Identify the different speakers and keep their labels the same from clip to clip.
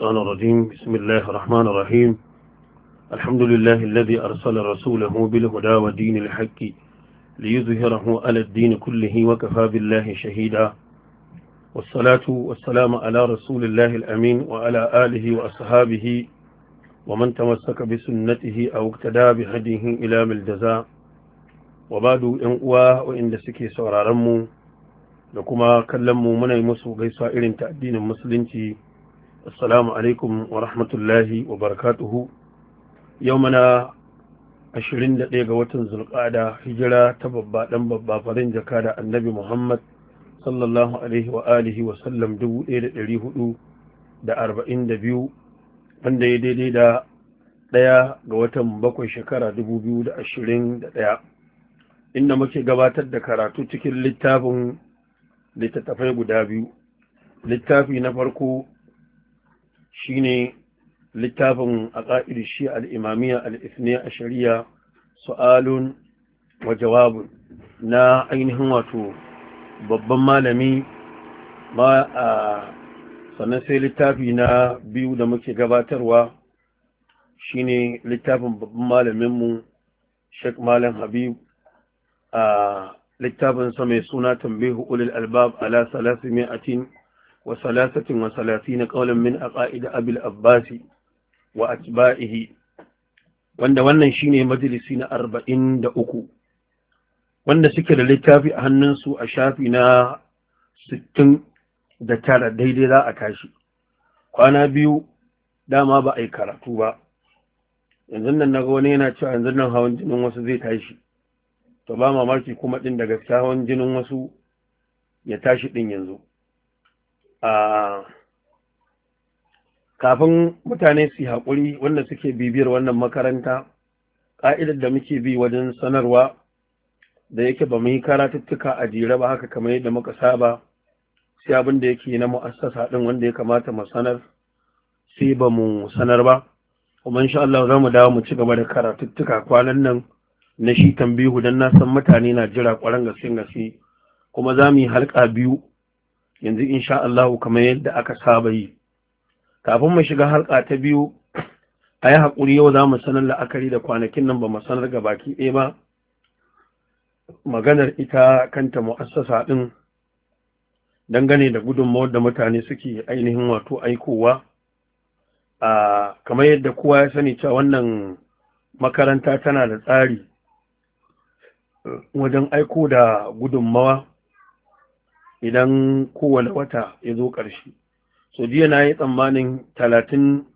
Speaker 1: الشيطان الرجيم بسم الله الرحمن الرحيم الحمد لله الذي أرسل رسوله بالهدى ودين الحق ليظهره على الدين كله وكفى بالله شهيدا والصلاة والسلام على رسول الله الأمين وعلى آله وأصحابه ومن تمسك بسنته أو اقتدى بهديه إلى ملجزاء وبعد إنقوى وإن دسكي سورارمو لكما كلموا من المسوغي سائر تأدين المسلمين assalamu alaikum wa rahmatullahi wa barakatuhu yau mana 21 ga watan zulƙada hijira ta babba ɗan babba farin jaka da annabi muhammad sallallahu alaihi wa alihi wa sallam 1442 wanda ya daidai da ɗaya ga watan bakwai shekara 2021 inda muke gabatar da karatu cikin littafin littattafai guda biyu littafi na farko shine littafin aqaid shi al-imamiyya al-ithniya ashariya su'alun wa jawabun na ainihin wato babban malami ma a sannan sai littafi na biyu da muke gabatarwa shine littafin babban malaminmu Sheikh Malam Habib a littafin mai suna tambihu ulil albab ala salasimiyatin na وثلاثة وثلاثين قولا من أقائد أبي الأباس وأتباعه وأن وأن شيني مجلسين أربعين دأكو a shafi na sittin da tara daidai za a tashi, kwana biyu dama ba a yi karatu ba yanzu nan ga wani yana cewa yanzu nan hawan jinin wasu zai tashi to ba mamaki kuma din daga hawan jinin wasu ya tashi ɗin yanzu kafin mutane su haƙuri wanda suke bibiyar wannan makaranta ƙa'idar da muke bi wajen sanarwa da yake ba mu yi karatuttuka a jere ba haka kamar yadda muka saba sai abin da yake na mu'assasa ɗin wanda ya kamata mu sanar sai ba mu sanar ba kuma insha Allah za mu dawo mu ci gaba da karatuttuka kwanan nan na shi tambihu don na san mutane na jira ƙwarar gaske gaske kuma za mu yi halka biyu yanzu insha Allah kamar yadda aka saba yi kafin mu shiga halka ta biyu a yi haƙuri yau za mu sanar la'akari da kwanakin nan ba mu sanar ga baki ɗaya ba maganar ita kanta mu'assasa ɗin dangane da gudunmawar da mutane suke ainihin wato aikowa a kamar yadda kowa ya sani cewa wannan makaranta tana da tsari eh, wajen aiko da gudunmawa idan kowane wata ya zo ƙarshe so jiya na yi tsammanin talatin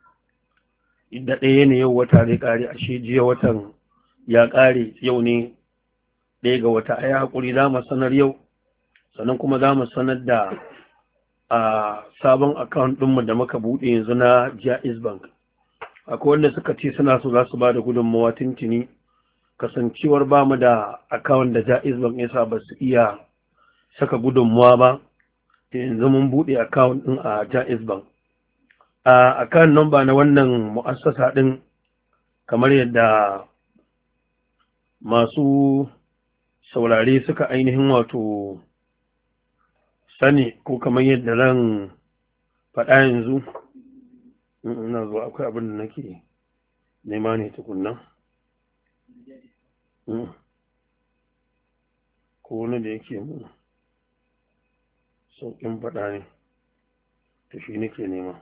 Speaker 1: da ɗaya ne yau wata zai ƙare ashe jiya watan ya ƙare yau ne ɗaya ga wata a yi haƙuri za mu sanar yau sannan kuma za mu sanar da a sabon akawun ɗinmu da muka buɗe yanzu na jais bank akwai wanda suka ce suna so za su ba da gudunmawa tuntuni kasancewar ba mu da akawun da jais bank ya sa ba su iya saka gudunmuwa ba yanzu mun buɗe account ɗin a Jaiz Bank a account number na wannan mu'assasa ɗin kamar yadda masu saurare suka ainihin wato sani ko kamar yadda ran faɗa yanzu ina zuwa akwai abin da nake nema ne tukunna hmm. ko wani da yake mu in faɗa ne ta shi nake nema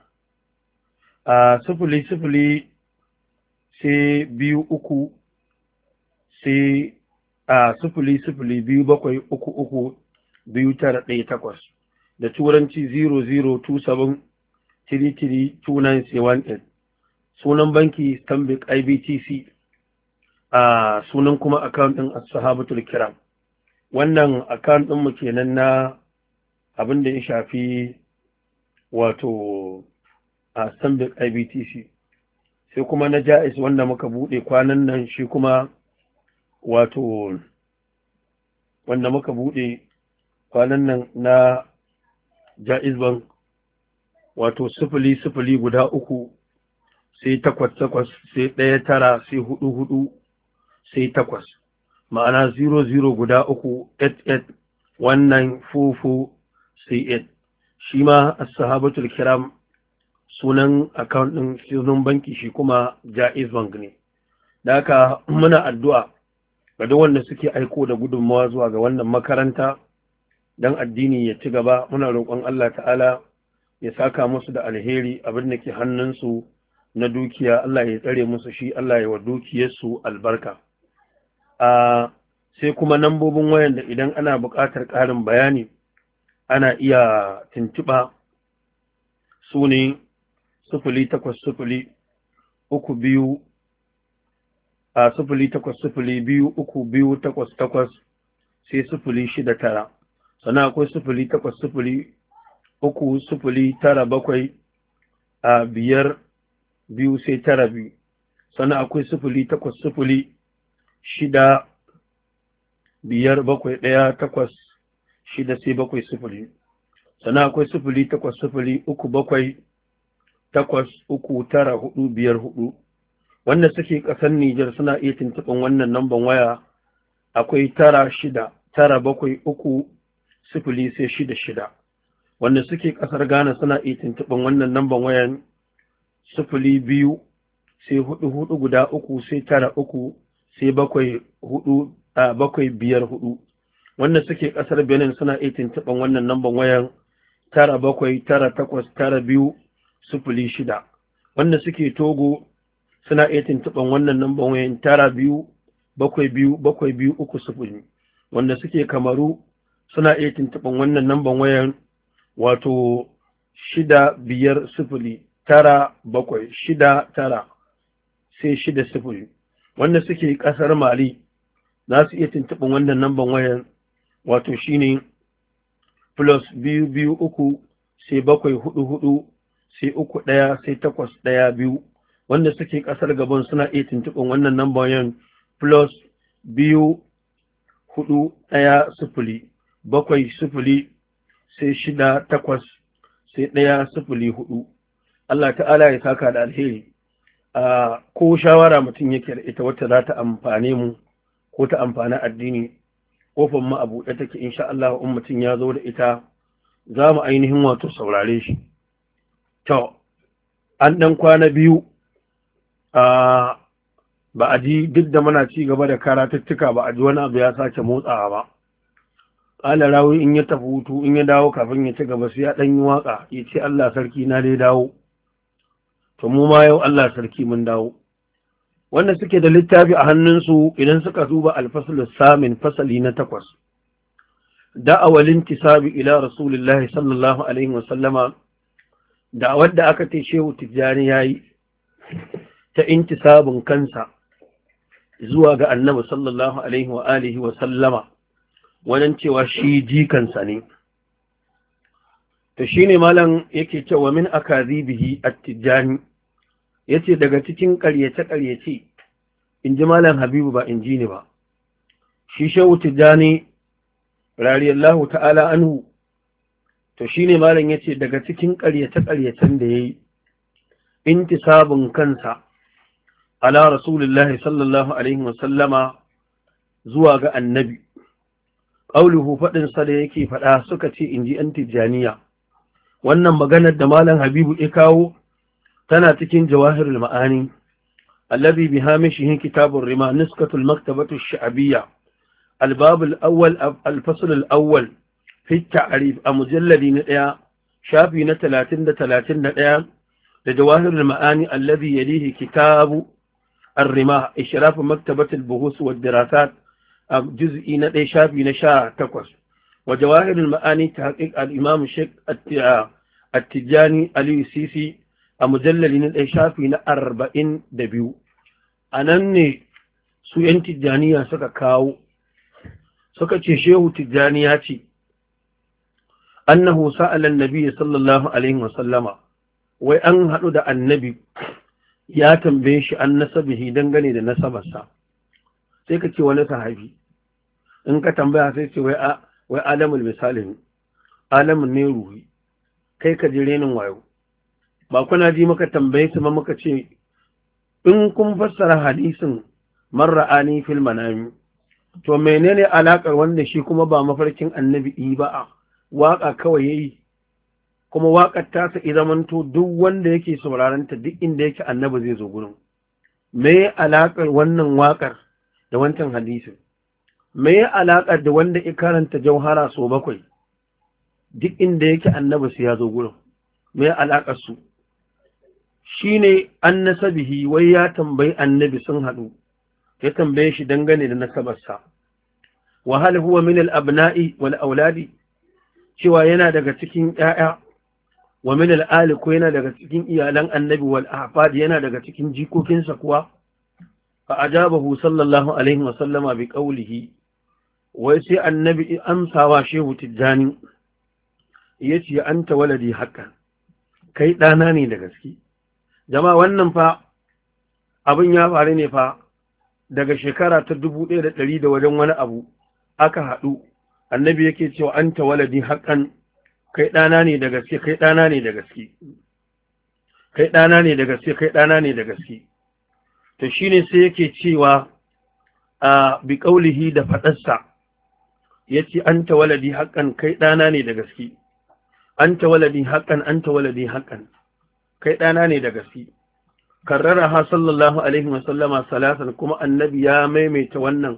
Speaker 1: a sifili sifili sai biyu uku sai a sifili sifili biyu bakwai uku uku biyu tara ɗaya takwas da turanci 0027 33 sunan banki stanbic ibtc a sunan kuma akawun ɗin asahabatul kiram wannan akawun ɗinmu kenan na abin da ya shafi wato a stanbic ibtc sai kuma na ja'is wanda muka bude kwanan nan shi kuma wato wanda muka bude kwanan nan na ja'is ban wato sifili sifili guda uku sai takwas takwas sai ɗaya tara sai hudu hudu sai takwas ma'ana 00 guda uku 88 wannan fufu cn shi ma ashabatul kiram sunan account din sunan banki shi kuma jaiz bank ne da haka muna addu'a ga duk wanda suke aiko da gudunmawa zuwa ga wannan makaranta dan addini ya ci gaba muna roƙon Allah ta'ala ya saka musu da alheri abin da ke hannunsu na dukiya Allah ya tsare musu shi Allah ya wa dukiyarsu albarka a ah, sai kuma nambobin wayan da idan ana buƙatar ƙarin bayani ana iya tuntuɓa su ne sufuli takwas sufuli uku biyu a sufuli takwas sufuli biyu uku biyu takwas takwas sai sufuli shida tara sannan akwai sufuli takwas sufuli uku sufuli tara bakwai a biyar biyu sai tara biyu sannan akwai sufuli takwas sufuli shida biyar bakwai ɗaya takwas shida sai bakwai sufuri sannan akwai sufuri takwas sufuri uku bakwai takwas uku tara hudu biyar hudu wanda suke ƙasar Nijar suna iya tuntuɓin wannan namban waya akwai tara shida tara bakwai uku sufuri sai shida shida wanda suke ƙasar Ghana suna iya tuntuɓin wannan namban wayan sufuri biyu sai hudu hudu guda uku sai tara uku sai bakwai hudu a bakwai biyar hudu wanda suke ƙasar benin suna iya tuntuɓan wannan namban wayan tara bakwai tara takwas tara biyu sufuli shida wanda suke togo suna iya tuntuɓan wannan namban wayan tara biyu bakwai biyu bakwai biyu uku sufuli wanda suke kamaru suna iya tuntuɓan wannan namban wayan wato shida biyar sufuli tara bakwai shida tara sai shida sufuli wanda suke ƙasar mali za su iya tuntuɓin wannan namban wayan wato shi ne plus biyu biyu uku sai bakwai hudu hudu sai uku daya sai takwas daya biyu wanda suke ƙasar gaban suna iya tuntuɓin wannan number yan plus biyu hudu daya sifili bakwai sufuli sai shida takwas sai daya sifili hudu Allah ta'ala ya saka da alheri a ko shawara mutum yake da ita wata za ta amfane mu ko ta amfani addini kofar mu a buɗe take sha Allah in mutum ya zo da ita za mu ainihin wato saurare shi to an ɗan kwana biyu ba a ji duk da muna ci gaba da karatuttuka ba a ji wani abu ya sake motsawa ba Ala rawi in ya tafi hutu in ya dawo kafin ya ci gaba sai ya ɗan yi waƙa ya ce Allah sarki na dai dawo to mu ma yau Allah sarki mun dawo wanda suke da littafi a hannunsu idan suka duba alfasulus samin fasali na takwas da'awal tisabi ila rasulillahi sallallahu alaihi wasallama da'awar da aka ce shehu tijjani yayi ta intisabin kansa zuwa ga annabi sallallahu alaihi wa alihi wa sallama wajen cewa shi jikansa ne to shine malam yake cewa min akazibihi at-tijjani ya ce daga cikin ƙaryace-ƙaryace in ji malam habibu ba in ji ni ba shi shehu tijjani rariyallahu ta'ala anhu to shi ne malam ya ce daga cikin ƙaryace-ƙaryacen da ya yi sabon kansa ala rasulullahi sallallahu alaihi wasallama zuwa ga annabi ƙauluhu faɗinsa da yake faɗa suka ce in ji ‘yan tijjaniya wannan maganar da malam habibu ya kawo تنا تكين جواهر المعاني الذي بهامشه كتاب الرما نسكة المكتبة الشعبية الباب الأول الفصل الأول في التعريف المجلد نئيا شافي نتلاتين دتلاتين نئيا لجواهر المعاني الذي يليه كتاب الرما إشراف مكتبة البهوس والدراسات جزئي نئي شافي نشاع تقص وجواهر المعاني تحقيق الإمام الشيخ التجاني علي سيسي a mujallali na ɗaya shafi na arba'in da biyu a nan ne su ‘yan tijjaniya suka kawo suka ce shehu tijjaniya ce annahu sa'alan nabi sallallahu alaihi wasallama wai an haɗu da annabi ya tambaye shi an nasabihi dangane da nasabarsa sai ka ce wani sahabi in ka tambaya sai ce wai alamul misalin alamun ne ruhi kai ka ji renin wayo ba kuna ji muka tambaye su ma muka ce in kun fassara hadisin marra'ani fil manami to menene alakar wanda shi kuma ba mafarkin annabi yi ba waka kawai yayi kuma wakar ta sa izamanto duk wanda yake sauraron ta duk inda yake annabi zai zo gurin me alakar wannan wakar da wancan hadisin me alakar da wanda ya karanta jauhara so bakwai duk inda yake annabi su ya zo gurin me alakar su ne an nasabihi wai ya tambayi annabi sun haɗu ya tambaye shi dangane da nasabarsa wa hal huwa min al abna'i wal auladi cewa yana daga cikin 'ya'ya wa min al ali yana daga cikin iyalan annabi wal ahfad yana daga cikin jikokinsa kuwa fa ajabahu sallallahu alaihi wa sallama bi qawlihi wai sai annabi amsawa shehu tijjani Ya ce anta waladi haka kai ɗana ne da gaske jama'a wannan fa abin ya faru ne fa daga shekara ta dubu ɗaya da ɗari da wajen wani abu aka haɗu annabi yake cewa an waladi haƙan kai ɗana ne da gaske kai ɗana ne da gaske kai ɗana ne da gaske kai ɗana ne da gaske to shine sai yake cewa a bi da faɗarsa ya ce an waladi haƙan kai ɗana ne da gaske an waladi haƙan an waladi haƙan kai ɗana ne da gaske karrara ha sallallahu alaihi sallama, salatan kuma annabi ya maimaita wannan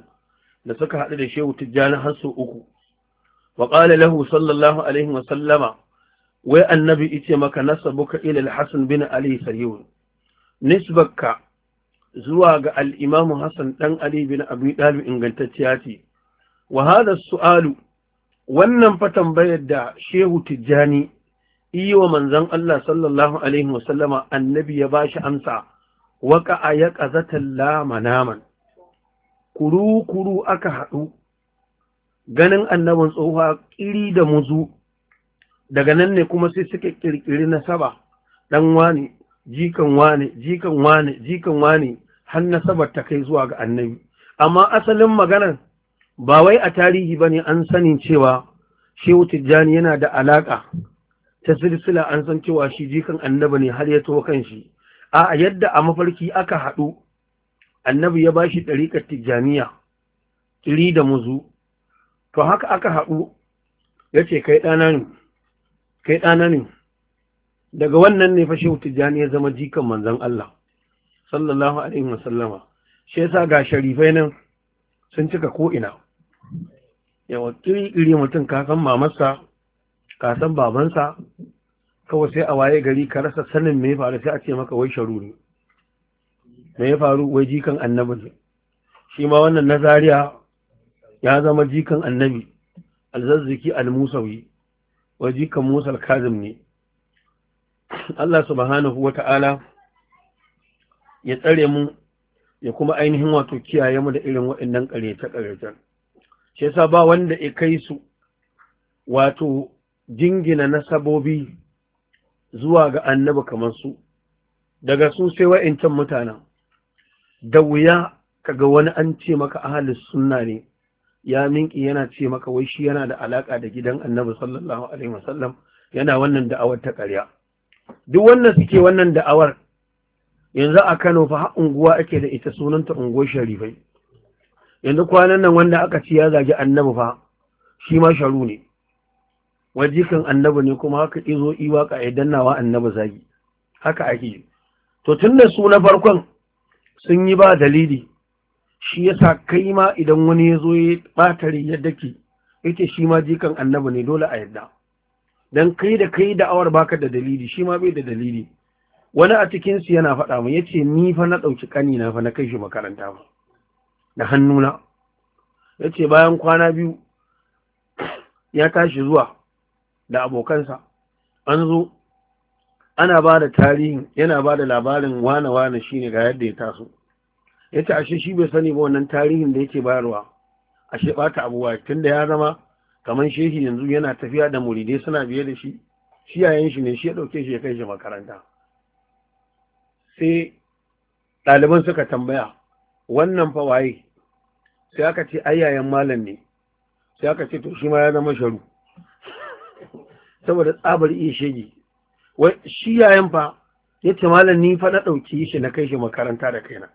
Speaker 1: da suka haɗu da shehu tijjani har sau uku wa qala lahu sallallahu alaihi wai annabi ice maka nasabuka ila al-hasan bin ali sayyid nisbaka zuwa ga al Hassan hasan dan ali bin abi dalib ingantacciya ce wa hada su'alu wannan fa tambayar da shehu tijjani yi wa manzon Allah sallallahu alaihi wasallama annabi ya bashi amsa waka a ya ƙazatan lamanaman kuru-kuru aka haɗu ganin annabin tsohuwa ƙiri da muzu daga nan ne kuma sai suka ƙirƙiri na saba ɗan wane jikan wane jikan wane jikan wane har nasabar ta kai zuwa ga annabi amma asalin maganar ba wai a tarihi ba ne an sanin cewa shehu tijjani yana da alaƙa ta silsila an san cewa shi jikan annabi ne har ya to kan shi a yadda a mafarki aka haɗu annabi ya bashi ɗariƙar tijjaniya tiri da muzu to haka aka haɗu ya ce kai ɗana ne kai ɗana ne daga wannan ne fashe tijjani ya zama jikan manzan Allah sallallahu alaihi wa sallama shi yasa ga sharifai nan sun cika ko'ina yawa ƙiri-ƙiri mutum kasan mamarsa ka san babansa kawai sai a waye gari ka rasa sanin me ya faru sai a ce maka wai sharu ne me ya faru wai jikan annabi ne shi ma wannan nazariya ya zama jikan annabi alzazziki almusawi wai jikan musa alkazim ne Allah subhanahu wa ta'ala ya tsare mu ya kuma ainihin wato kiyaye mu da irin waɗannan ƙareta-ƙaretan. Shi yasa ba wanda ya kai su wato jingina nasabobi zuwa ga annabi kamar su daga su sai wa'incan mutanen da wuya kaga wani an ce maka ahalus sunna ne ya minki yana ce maka wai shi yana da alaka da gidan annabi sallallahu alaihi wasallam yana wannan da'awar ta ƙarya duk wannan suke wannan da'awar yanzu a Kano fa unguwa ake da ita sunanta unguwar sharifai yanzu kwanan nan wanda aka ci ya zagi annabi fa shi ma sharu ne wajikan annaba ne kuma haka izo a idan dannawa annaba zagi haka ake to tun da su na farkon sun yi ba dalili shi yasa kai ma idan wani ya zo ya ɓatare ya ke yake shi ma jikan annaba ne dole a yadda dan kai da kai da awar baka da dalili shi ma bai da dalili wani a cikinsu yana faɗa mu yace ni fa na ɗauki kani na fa na kai shi makaranta ba da hannuna ya ce bayan kwana biyu ya tashi zuwa da abokansa an zo ana ba da tarihin yana ba da labarin wane-wane shi ne ga yadda ya taso ya ce ashe shi bai sani ba wannan tarihin da yake bayarwa ashe ɓata abubuwa tun da ya zama kamar shehi yanzu yana tafiya da muridai suna biye da shi shi yayin shi ne shi ya ɗauke shi ya kai shi makaranta sai ɗaliban suka tambaya wannan fa waye sai aka ce ayyayen malam ne sai aka ce to shi ma ya zama sharu saboda tsabar iya shege wai shi yayan fa ya ce malam ni fa na ɗauki shi na kai shi makaranta da kaina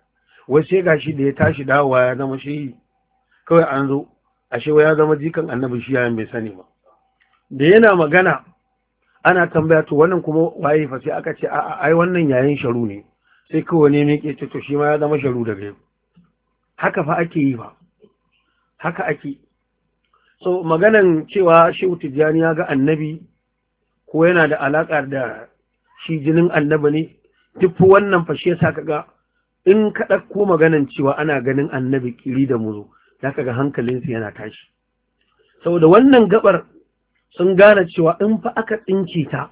Speaker 1: wai sai ga shi da ya tashi dawowa ya zama shehi kawai an zo ashe wai ya zama jikan annabi shi yayan bai sani ba da yana magana ana tambaya to wannan kuma waye fa sai aka ce a'a ai wannan yayin sharu ne sai kawai ne ke to shi ma ya zama sharu daga yau haka fa ake yi ba haka ake so maganan cewa shehu tijjani ya ga annabi ko yana da alaƙa da shi jinin annabi ne duk wannan fashe yasa kaga in ka ɗauko maganan cewa ana ganin annabi kiri da muzo za ka ga hankalinsu yana tashi saboda wannan gabar sun gane cewa in fa aka tsinki ta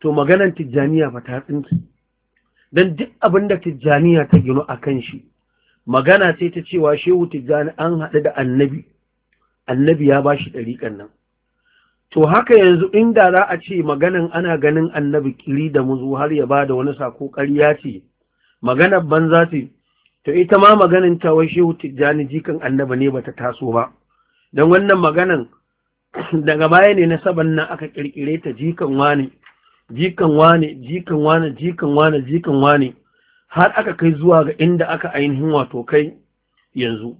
Speaker 1: to maganan tijjaniya fa ta tsinke. don duk abin da tijjaniya ta gino a kan shi magana sai ta cewa shehu tijjani an haɗu da annabi annabi ya ba shi ɗariƙan nan to haka yanzu inda za a ce maganan ana ganin annabi kiri da muzu har ya ba da wani sako ƙarya ce maganar banza ce to ita ma maganin ta wai shehu tijjani jikan annabi ne bata taso ba don wannan maganan daga baya ne na saban nan aka kirkire ta jikan wane jikan wane jikan wane jikan wane jikan wane har aka kai zuwa ga inda aka ainihin wato kai yanzu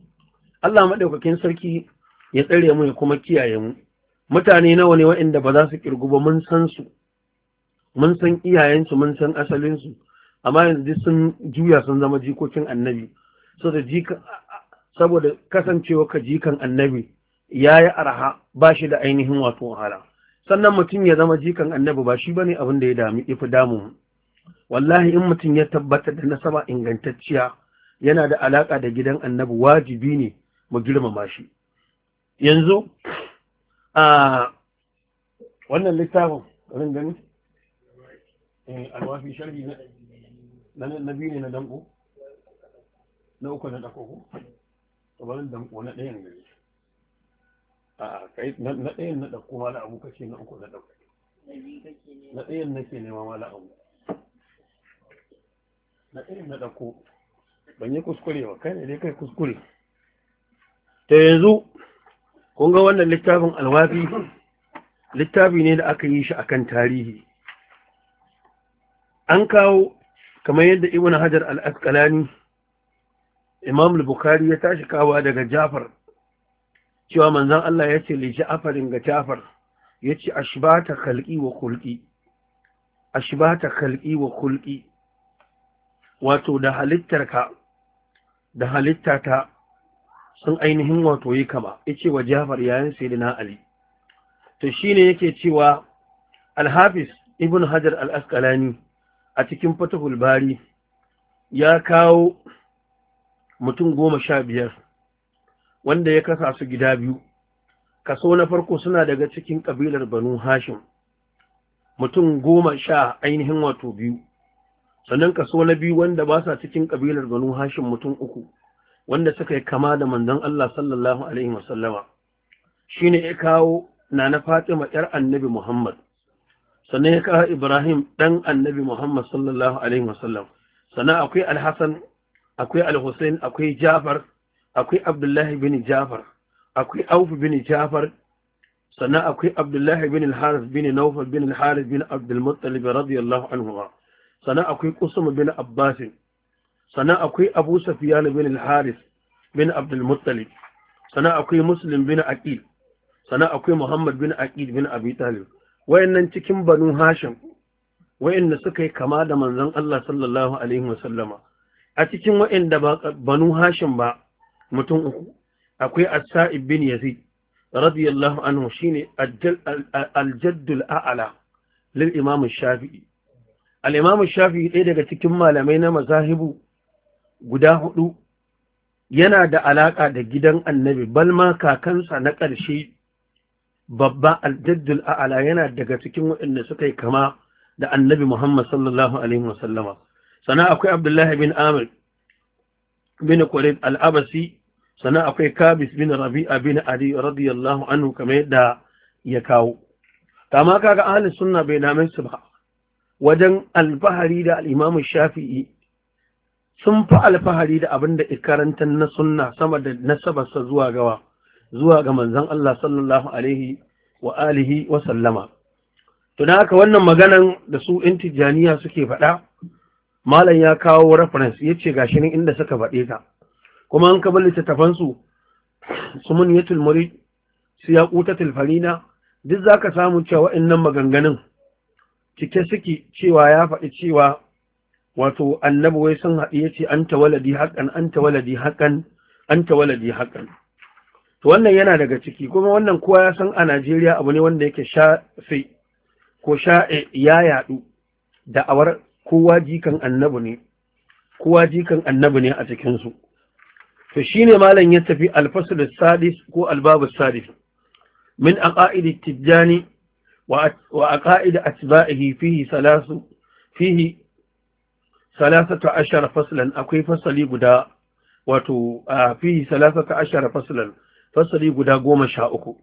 Speaker 1: Allah maɗaukakin sarki ya tsare mu ya kuma kiyaye mu mutane nawa ne waɗanda ba za su kirgu ba mun san su mun san iyayensu mun san asalinsu amma yanzu duk sun juya sun zama jikokin annabi saboda kasancewa ka jikan annabi ya yi arha ba shi da ainihin wato wahala sannan mutum ya zama jikan annabi ba shi ne abin da ya dami ifi damu wallahi in mutum ya tabbatar da nasaba ingantacciya yana da alaka da gidan annabi wajibi ne mu girmama shi yanzu a wannan littafin rin gani eh, alwafi sharhi na biyu ne na danko na uku na dakoko tabarin danko na ɗayan gari a kai na ɗayan na ɗauko mala abu ce na uku na ɗauko na ɗayan ke nema mala abu na ɗayan na ɗauko ban yi kuskure ba kai ne dai kai kuskure ta yanzu kun ga wannan littafin alwafi littafi ne da aka yi shi a kan tarihi an kawo kamar yadda ibn hajar al imam bukari ya tashi kawa daga jafar cewa manzan Allah ya ce li afarin ga jafar Ya shibata khalqi wa a shibata wa kulƙi. wato da halittarka da halittata sun ainihin wato yi kama yace wa Jafar yayin na Ali to shine yake cewa Alhafis hafiz Ibn Hajar Al-Asqalani a cikin Fathul Bari ya kawo mutum goma sha biyar wanda ya kasa su gida biyu kaso na farko suna daga cikin ƙabilar Banu Hashim mutum goma sha ainihin wato biyu sannan kaso na biyu wanda ba sa cikin kabilar Banu Hashim mutum uku wanda suka yi kama da manzon Allah sallallahu alaihi wasallama shine ya kawo nana Fatima yar annabi Muhammad sannan ya kawo Ibrahim dan annabi Muhammad sallallahu alaihi wasallam sannan akwai Al-Hasan akwai al Hussein, akwai Jafar akwai Abdullahi bin Jafar akwai Auf bin Jafar sannan akwai Abdullahi bin Al-Harith bin Nawfal bin Al-Harith bin Abdul Muttalib radiyallahu anhu sannan akwai Qusum bin Abbas. sannan akwai abu safiyan bin al-haris bin abdul muttalib sannan akwai muslim bin aqil sannan akwai muhammad bin aqil bin abi talib wayannan cikin banu hashim wayanda suka yi kama da manzon Allah sallallahu alaihi wasallama a cikin wayanda ba banu hashim ba mutum uku akwai as-sa'ib bin yazid radiyallahu anhu shine al-jaddul a'la lil imam shafi'i al-imam shafi'i ɗaya daga cikin malamai na mazahibu guda hudu yana da alaƙa da gidan annabi balma kakansa na ƙarshe babba aljaddul a'ala yana daga cikin waɗanda suka yi kama da annabi Muhammad sallallahu alaihi wasallama sana akwai Abdullahi bin Amir bin Qurayd al-Abasi sana akwai Kabis bin Rabi'a bin Ali radiyallahu anhu kamar yadda ya kawo kama kaga ahlus sunna bai dame su ba wajen alfahari da al-Imam Shafi'i sun fi alfahari da abin da ikarantar na sunna sama da nasabarsa zuwa gawa zuwa ga manzon Allah sallallahu alaihi wa alihi wa sallama to dan haka wannan maganan da su in intijaniya suke faɗa malam ya kawo reference yace gashi shirin inda suka faɗe ta kuma an ka balli tafan su sumuniyatul murid siyaqutatul farina duk zaka samu cewa wa'annan maganganun cike suke cewa ya faɗi cewa wato annabi wai sun haɗu yace anta waladi haqqan anta waladi an anta waladi haƙan to wannan yana daga ciki kuma wannan kowa ya san a Najeriya abu ne wanda yake shafi ko sha ya da da'awar kowa jikan annabi ne kowa jikan annabi ne a cikin su to shine malam ya tafi al-fasl sadis ko al-bab sadis min aqaid at-tijani wa aqaid atba'ihi fihi salasu fihi salasata ashara faslan akwai fasali guda wato fi salasata ashara faslan fasali guda goma sha uku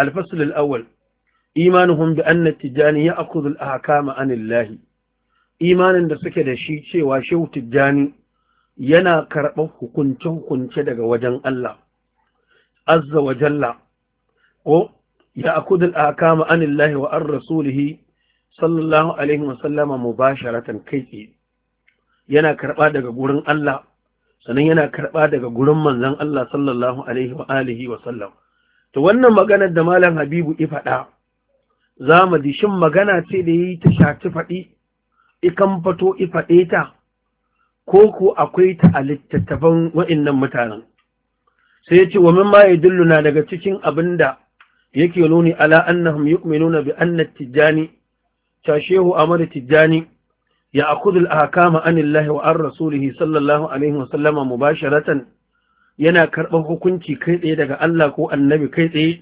Speaker 1: الفصل الأول إيمانهم بأن التجاني يأخذ الأحكام عن الله إيمانا da suke da shi cewa shehu tijjani yana karɓar hukunce-hukunce daga wajen Allah azza wa jalla ko ya akudu al'akama anillahi wa an rasulihi sallallahu alaihi wa wasallama mubasharatan kai tsaye yana karɓa daga gurin Allah sannan yana karɓa daga gurin manzan Allah sallallahu alaihi wa alihi wa sallam to wannan maganar da malam Habibu i faɗa za mu ji shin magana ce da ya yi ta shaci faɗi ikan fato faɗe ta ko ko akwai ta a littattafan wa'annan mutanen sai ya ce wa mimma yadulluna daga cikin abin abinda yake nuni ala annahum yu'minuna bi anna tijjani tashehu amara Tijjani? ya akudul ahkama anillahi wa an rasulihi sallallahu alaihi wa sallama mubasharatan yana karɓar hukunci kai tsaye daga Allah ko annabi kai tsaye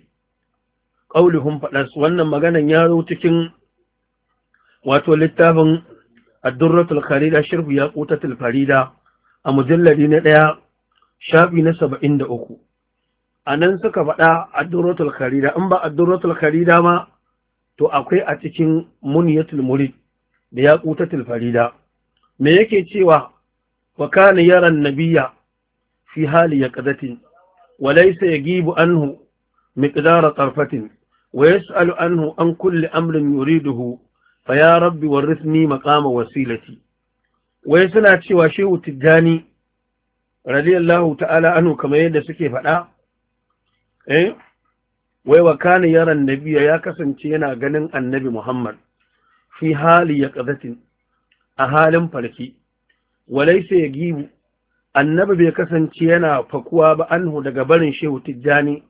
Speaker 1: qauluhum fadas wannan maganan ya zo cikin wato littafin ad-durratul kharida ya yaqutatul farida a mujalladi na ɗaya shafi na saba'in da uku a nan suka faɗa addurratul kharida in ba addurratul kharida ma to akwai a cikin munyatul murid da ya ƙutatul farida me yake cewa wa kana yaran nabiyya fi hali yaqdatin wa laysa yagibu anhu miqdara tarfatin wa yas'alu anhu an kulli amrin yuriduhu fa ya rabbi warithni maqama wasilati wai suna cewa shehu tijjani radiyallahu ta'ala anhu kamar yadda suke faɗa eh wai wa kana yaran nabiyya ya kasance yana ganin annabi Muhammad fi hali ya ƙazatin a halin farki walaisa ya gibu annabi bai kasance yana fakuwa ba anhu daga barin shehu tijjani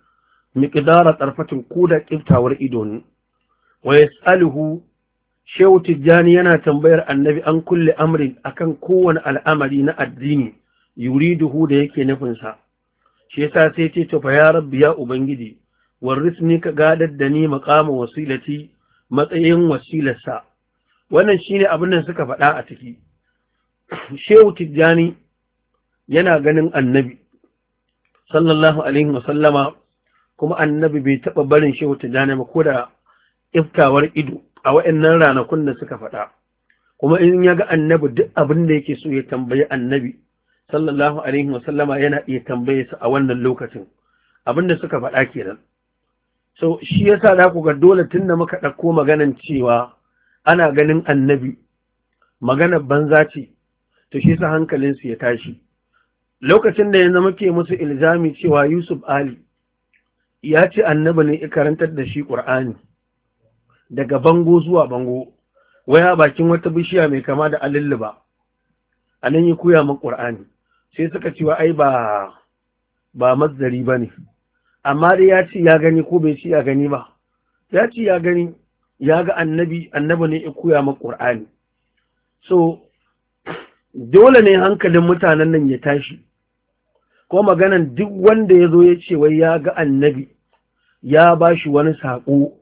Speaker 1: miƙidara tsarfatin ko da ƙiftawar ido ne wa yas'aluhu shehu tijjani yana tambayar annabi an kulle amrin akan kowane al'amari na addini yuriduhu da yake nufinsa shi yasa sai ce to fa ya rabbi ya ubangiji warrisni ka gadar da ni maqama wasilati matsayin wasilarsa wannan shine abin da suka faɗa a ciki shehu tijjani yana ganin annabi sallallahu alaihi wasallama kuma annabi bai taɓa barin shehu tijjani ba ko da iftawar ido a wa'annan ranakun da suka faɗa kuma in ya ga annabi duk abin da yake so ya tambayi annabi sallallahu alaihi wasallama yana iya tambaye su a wannan lokacin abin da suka faɗa kenan so shi yasa za ku ga dole tun da muka ɗauko maganan cewa ana ganin annabi maganar banza ce to shi sa hankalinsu ya tashi lokacin da ya zama ke musu ilzami cewa yusuf ali ya ce annabi ne karantar da shi ƙur'ani daga bango zuwa bango waya bakin wata bishiya mai kama da alilliba a nan yi koya min ƙur'ani sai suka cewa ai ba ba mazzari ba ne amma dai ya ce ya gani ko bai ce ya gani ba ya ce ya gani ya ga annabi annabi ne ya koya ma qur'ani so dole ne hankalin mutanen nan ya tashi ko maganan duk wanda ya zo ya ce wai ya ga annabi ya ba shi wani saƙo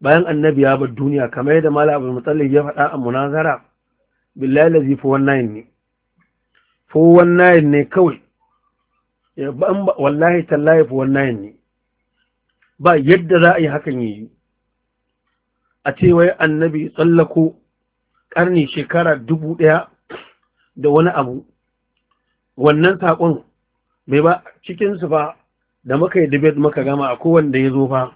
Speaker 1: bayan annabi ya bar duniya kamar yadda mala abu matsalin ya faɗa a munazara billahi lazi 419 ne 419 ne kawai wallahi tallahi 419 ne ba yadda za a yi hakan yi a ce wai annabi tsallako ƙarni shekara dubu ɗaya da wani abu wannan saƙon bai ba cikinsu ba da muka yi dubet muka gama a kowanda ya zo fa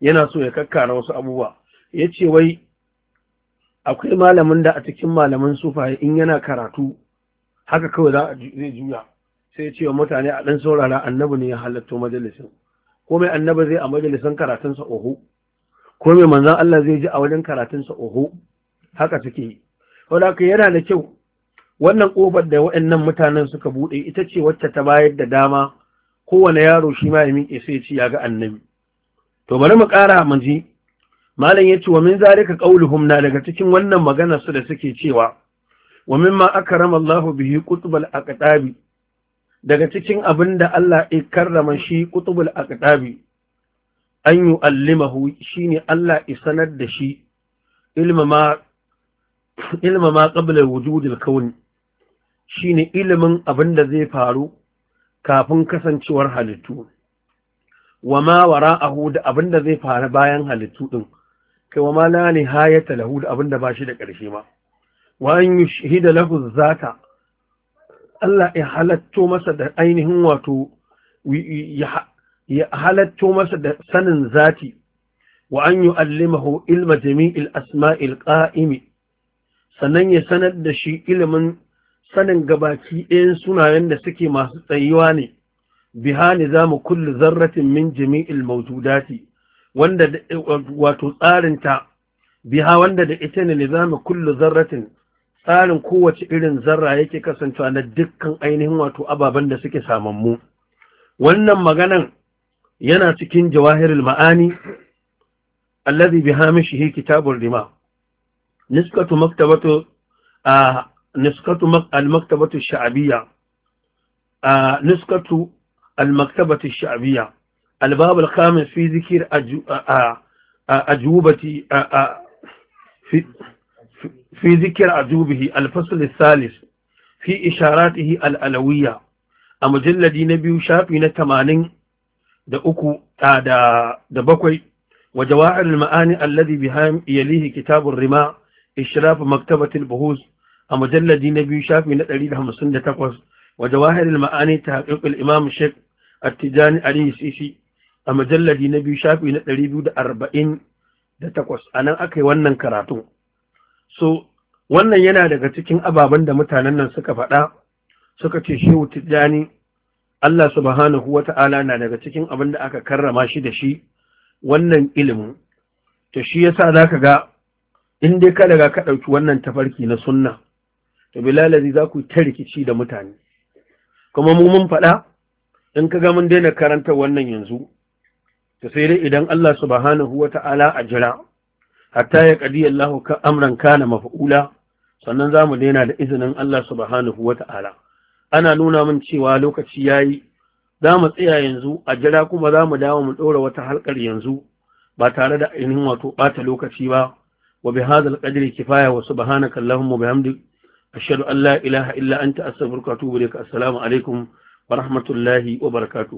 Speaker 1: yana so ya kakkara wasu abubuwa ya ce wai akwai malamin da a cikin malaman sufaye in yana karatu haka kawai za a zai juya sai cewa ce wa mutane a ɗan saurara annabi ne ya halatto majalisin ko mai annabi zai a majalisin karatunsa oho ko mai manzan Allah zai ji a wajen karatunsa oho haka suke yi wadda yana da kyau wannan ƙofar da waɗannan mutanen suka buɗe ita ce wacce ta bayar da dama kowane yaro shi ma ya miƙe sai ci ya ga annabi to bari mu ƙara mu ji malam yace wa min zalika qauluhum na daga cikin wannan maganar su da suke cewa wa mimma akrama Allahu bihi qutbal aqtabi daga cikin abinda Allah ya karrama shi qutbul aqtabi an yi allimahu shi ne Allah isanar da shi ilmama ƙabilar wujudul kawun shi ne ilimin abin da zai faru kafin kasancewar halittu wa ma wara ahu da abin da zai faru bayan halittu ɗin kai wa ma na la nihayata lahu da abin da ba shi da ƙarshe ma wa an yi shahida lahu zata Allah ya halatto masa da ainihin wato ya ya halatto masa da sanin zati wa an maho ilma jami'il asma'il ƙa'imi, sannan ya sanar da shi ilimin sanin gabaki ɗayan sunayen da suke masu tsayuwa ne biha mu kulle zarratin min jami'il mawjudati wanda wato tsarinta biha wanda da ita ne za mu kulle zarratin tsarin kowace irin zarra yake kasancewa na dukkan ainihin wato ababen da suke samammu wannan maganan yana cikin jawahirul ma'ani allazi bi hamishihi kitabur rima niskatu maktabatu a al-maktabatu ash-sha'biyya a al-maktabatu ash-sha'biyya al-bab al-khamis fi dhikr ajubati في ذكر عجوبه الفصل الثالث في إشاراته الألوية da uku da da bakwai wa jawahir maani alladhi biha yalihi kitab rima ishraf maktabat buhus a mujalladi na biyu shafi na 158 wa jawahir maani tahqiq imam shaykh at-tijani ali sisi a mujalladi na biyu shafi na 248 anan akai wannan karatu so wannan yana daga cikin ababen da mutanen nan suka faɗa suka ce shehu tijani? Allah subhanahu wa ta'ala na daga cikin abin da aka karrama shi da shi wannan ilimin, to shi yasa za ka ga in dai ka daga ka ɗauki wannan tafarki na sunna, to bilalazi za ku ta rikici da mutane. Kuma mu mun faɗa, in ka ga mun daina karanta wannan yanzu, to sai dai idan Allah subhanahu wa ta'ala a jira, hatta ya ƙadi Allah ka amran kana mafa'ula, sannan za mu daina da izinin Allah subhanahu wa ta'ala. ana nuna min cewa lokaci ya yi za mu tsaya yanzu a jira kuma za mu dawo mu ɗora wata halkar yanzu ba tare da ainihin wato ɓata lokaci ba wa bi hadal qadri kifaya wa subhanaka allahumma bihamdik ashhadu an la ilaha illa anta astaghfiruka wa atubu ilaik assalamu alaikum wa rahmatullahi wa barakatuh